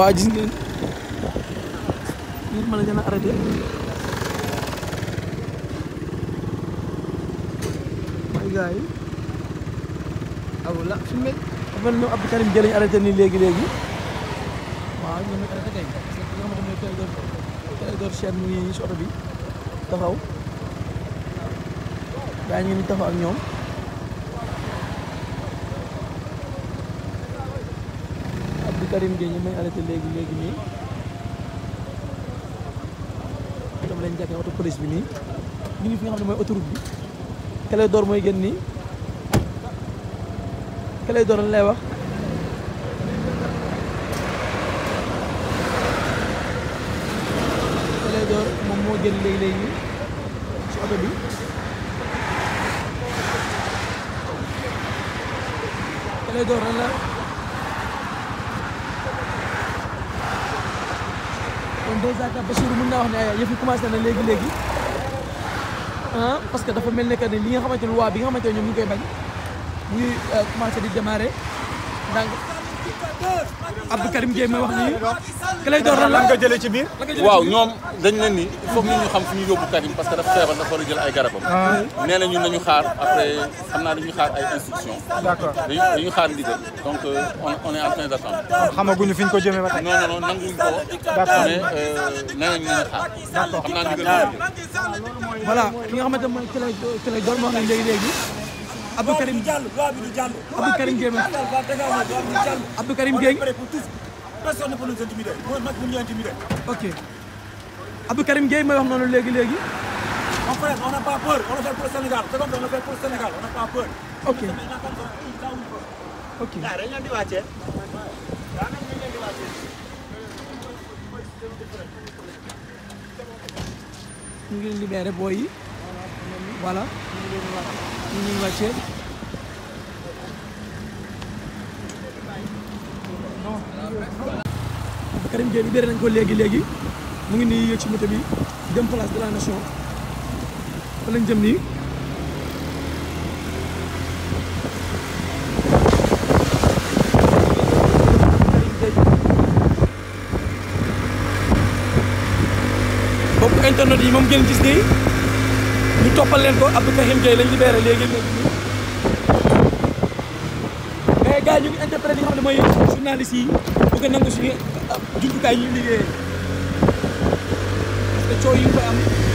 waa gis ngeen ngeen mën a gën a arrêté mooy yi aw la fi mu mel ñoom Abdou Karim Gueye lañu nii léegi léegi waa ñoom lañu arrêté tey parce que nga xam ne Clédor Clédor Sène mu ngi si oto bi taxaw gaa ñu ngi taxaw ak ñoom Karim Gueye ñu may arrêté léegi léegi nii tam lañ jàkkee oto police bi nii ñu ngi fi nga xam ne mooy autoroute bi Clédor mooy gën nii Clédor lan lay wax Clédor moom moo gën léegi léegi ci oto bi Clédor lan la kon dèjà ka Bachir mën naa wax ne yëf yi commencé na léegi léegi ah parce que dafa mel ne que ne li nga xamante ne waa bi nga xamante ne ñoom ñu euh, commencé di demaare donc. Abdou Karim Gueye may wax nii. ki lay doon lan nga jëlee ci biir. waaw ñoom dañ leen ni i faut ñun ñu xam fu ñu yóbbu Karim parce que dafa feebar dafa war a jël ay garabam. Ah. nee na ñun xaar après xam naa dañuy xaar ay instructions. d'accord dañuy dañuy xaar ndigal donc euh, on est en train d'attendre. xam fi ñu ko jëmee ba tey. non non nanguñu ko. d'accord mais euh, nee nañu nañu xaar. d'accord xam naa ndigal voilà ki nga xamante ne mooy ki lay ki lay doon wax nañ Abdou Karim Diallo loi bi du jàll. Abdou Karim Gueye ma Abdou Karim Gueye. personne ne peut nous intimider. mooy mag bu ñu intimider. ok Abdou Karim Gueye may wax noonu léegi léegi. mon frère on n'a pas peur on le fait pour le Sénégal c'est comme on le fait pour le Sénégal on n'a pas peur. ok ok. waaw dañu leen di wàccee. ñu ngi libéré booy yi. voilà. Karim Gueye bi béré nañ ko léegi léegi mu ngi nii yéeg ci moto bi jëm place de la nation fa lañ jëm nii bokk internet yi moom ngeen gis nii ñu toppal leen ko Abdou Karim Gueye lañ libéré léegi mais gars yi ñu ngi interprété li nga xam ne mooy yi bu nangu suñu jumtukaay yi ñu liggéeyee parce que coow yi am.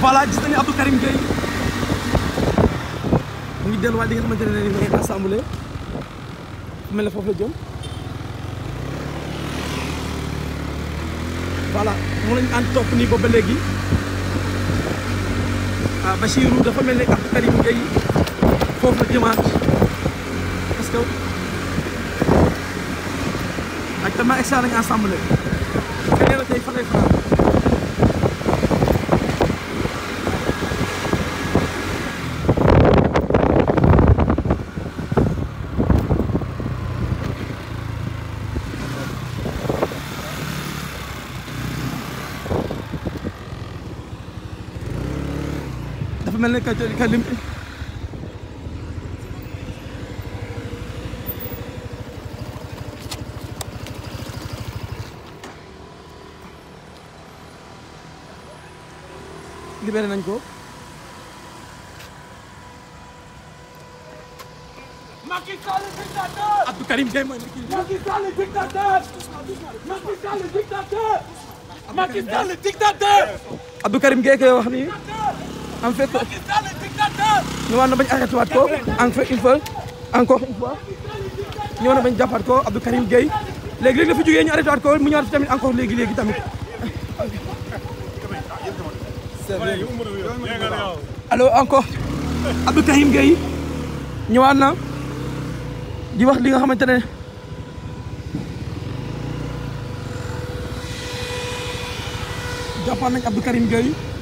voilà gis nañu Abdou Karim Gueye mu ngi delluwaat li nga xamante ne nii mooy assemblée mu lañ ànd topp nii boobu ba léegi ah Bachirou dafa mel ne Karim Gueye foofu la jëmaat parce que ak tamit ay saa lañu assemblée. tey fan lay faral. ku mel ne ka ka lim libéré nañ ko Macky Sall dictateur Abdou Karim Gueye mooy Macky Sall dictateur Macky Sall dictateur Macky Sall dictateur Abdou Karim Gueye koy wax nii en fait que ñu war na bañ arrêté waat ko en fait une fois encore une bañ jàppaat ko Abdou Karim Gueye léegi léegi la fi jógee ñu arrêté waat ko mu ñëwaat fi tamit encore léegi léegi tamit alors encore Abdou Karim Gueye ñëwaat na di li nga xamante ne jàppaat nañ Karim Gueye